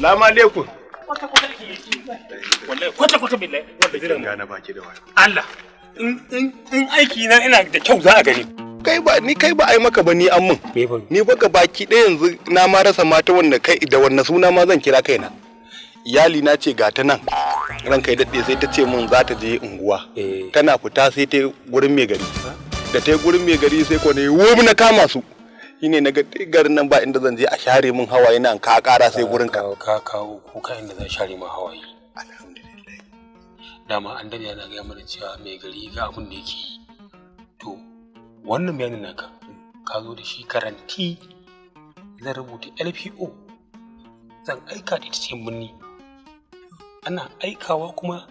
Salamu alaikum. Kwata kwata billahi. Wanda jiran gane baki da wani. Allah. In aiki na ina da kyau za a gani. Kai ba ni kai ba ai maka ba ni an mun. Ni ba ka baki ɗaya yanzu na ma rasa mata wanda kai da wannan suna ma zan kira kaina. Iyali na ce gata nan. Ranka ya daɗe sai ta ce min za ta je unguwa. Eh. Tana fita sai ta gurin mai gari. Da ta yi gurin mai gari sai ko ne wum na kama su. shine na garin nan ba inda zan je a share min hawaye nan ka kara sai gurin ka ka kawo ko ka inda zan share min hawaye dama an dani yana ga mana cewa mai gari ga abin da yake to wannan bayanin naka ka zo da shi karanti zan rubuta LPO zan aika da ita cikin birni ana aikawa kuma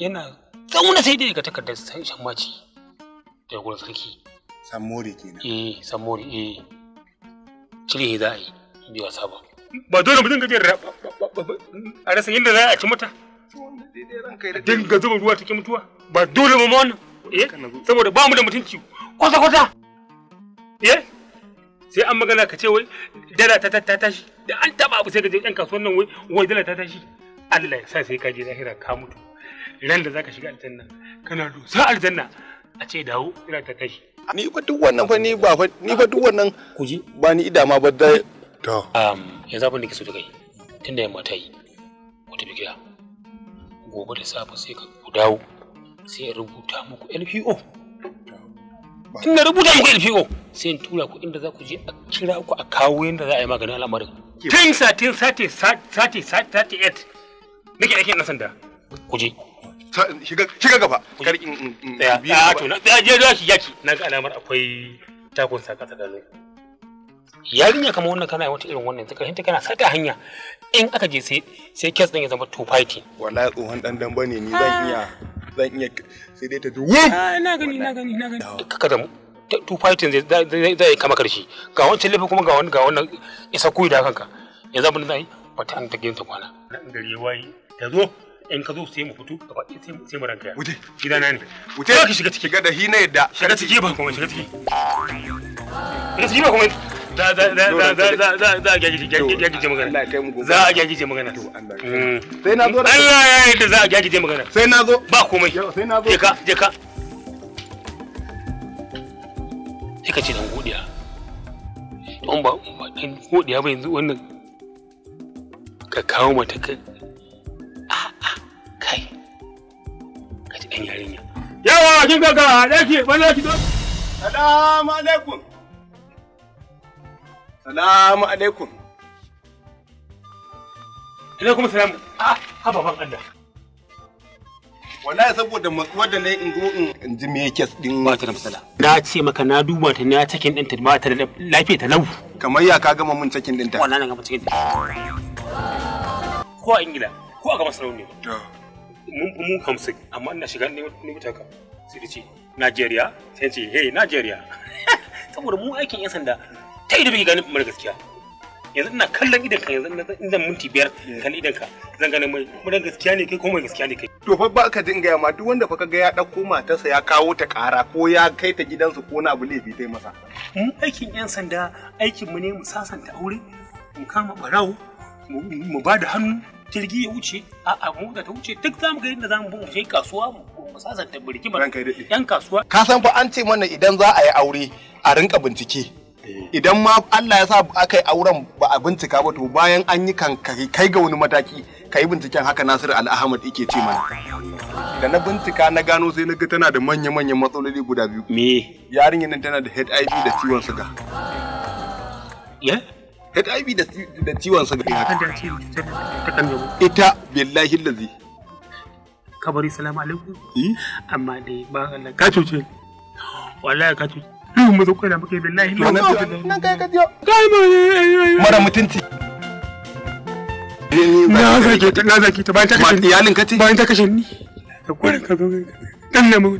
yana zauna sai dai ga takardar san shan maci da gurin sarki Samori kenan. Eh, Samori eh. cire za a yi biyu wasa ba ba dole mutum da a rasa yadda za a ci mata dinga zuba ruwa cikin mutuwa ba dole mu wannan eh saboda ba mu da mutunci kwata kwata eh sai an magana ka ce wai dala ta ta tashi da an taba abu sai ka je ɗan kasuwan nan wai wai dala ta tashi Allah ya sa sai ka je lahira ka mutu ran da ka shiga aljanna kana dusa aljanna a ce dawo ina ta tashi ni fa duk wannan fa ni ba fa ni fa duk wannan kuji ba ni idama ba da to um yanzu abin da ke so da kai tunda yamma ta yi wata bigiya gobe da safe sai ka ku dawo sai in rubuta muku LPO tun da rubuta muku LPO sai in tura ku inda za ku je a kira ku a kawo yadda za a yi maganin al'amarin tun satin sati sati sati sati 8 nake aikin na sanda ku je shiga gaba kar in biyu a ah, to da je da shi yaki na ga alamar akwai takun saka tsakanin yarinya kamar wannan kana wata irin wannan tsakanin ta kana sata hanya in aka je sai sai kes din ya zama to fighting wallahi tsohon dan bane ni zan iya zan iya sai dai ta duwu ah, na gani na gani na gani kaka da mu fighting zai zai kama karshe ga wancan lafi kuma ga wannan ga wannan isa kuyi da kanka yanzu abin da zai fata an ta gina ta kwana gari wayi ta zo in ka zo sai mu fito gaba ɗaya sai mu sai mu ranka ya wuce gida na ne wuce ka shiga ciki gada hi na yadda shiga ciki ba kuma shiga ciki shiga ciki ba kuma za za za za za za za gyagije magana za a gyagije magana mm. sai na zo Allah ya yi da za a gyagije magana sai na zo ba komai sai na zo je ka je ka sai ka ce dan godiya don ba dan godiya ba yanzu wannan ka kawo mata kai bakin yarinya yawa kin ga ga daki salamu alaikum salamu alaikum alaikum salam ah ha baban Allah wallahi saboda matsuwar da na in zo in ji me din mata da matsala na ce maka na duba ta na cikin din ta mata da lafiya ta lau kamar ya ka gama mun cikin din ta wallahi na gama cikin ko a ingila ko a gama sarauniya mu hamsin amma ina shiga ne mutaka ka sai da ce Najeriya sai ce hey Najeriya saboda mu aikin yan sanda ta ido bai gani mara gaskiya yanzu ina kallon idan ka yanzu in zan minti biyar kan idan ka zan gane mai mara gaskiya ne kai ko mai gaskiya ne kai to fa ba ka dinga ma duk wanda fa kaga ya dauko matarsa ya kawo ta kara ko ya kai ta gidansu ko na abu laifi tai masa mu aikin yan sanda aikin mu ne mu sasanta aure mu kama barawo mu ba da hannu jirgi ya wuce a mota ta wuce duk zamu ga yadda zamu bi mu je kasuwa mu sasanta birgima yan kasuwa ka san fa an ce mana idan za a yi aure a rinka bincike eh. idan ma Allah ya sa aka yi auren ba a bincika ba to bayan an yi kan kai ga wani mataki kai binciken haka Nasiru Al-Ahmad yake ce mana da na bincika na gano sai na ga tana da manya-manyan matsaloli guda biyu me yarinyar nan tana da HIV da ciwon suga yeah HIV da ciwon sa gari haka. Ita billahi lazi. Kabari salamu alaikum. Amma dai ba Allah ka cuce. Wallahi ka cuce. mu da muke billahi lazi. Nan kai ka jiyo. mara mutunci. Na ta na zaki ta bayan ta kashe ni. Iyalin ka ce? Bayan ta kashe ni. ka zo. Dan na mu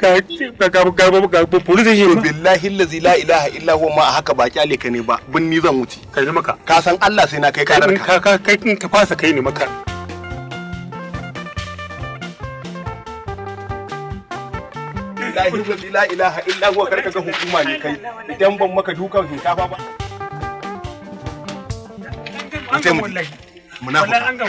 Ka ga police station billahi allazi la ilaha illa huwa ma haka ba kyale ka ne ba bin ni zan wuce ka ji maka ka san Allah sai na kai karar ka ka kai ka fasa kai ne maka billahi la ilaha illa huwa karka ga hukuma ne kai idan ban maka dukan shinkafa ba mutum munafuka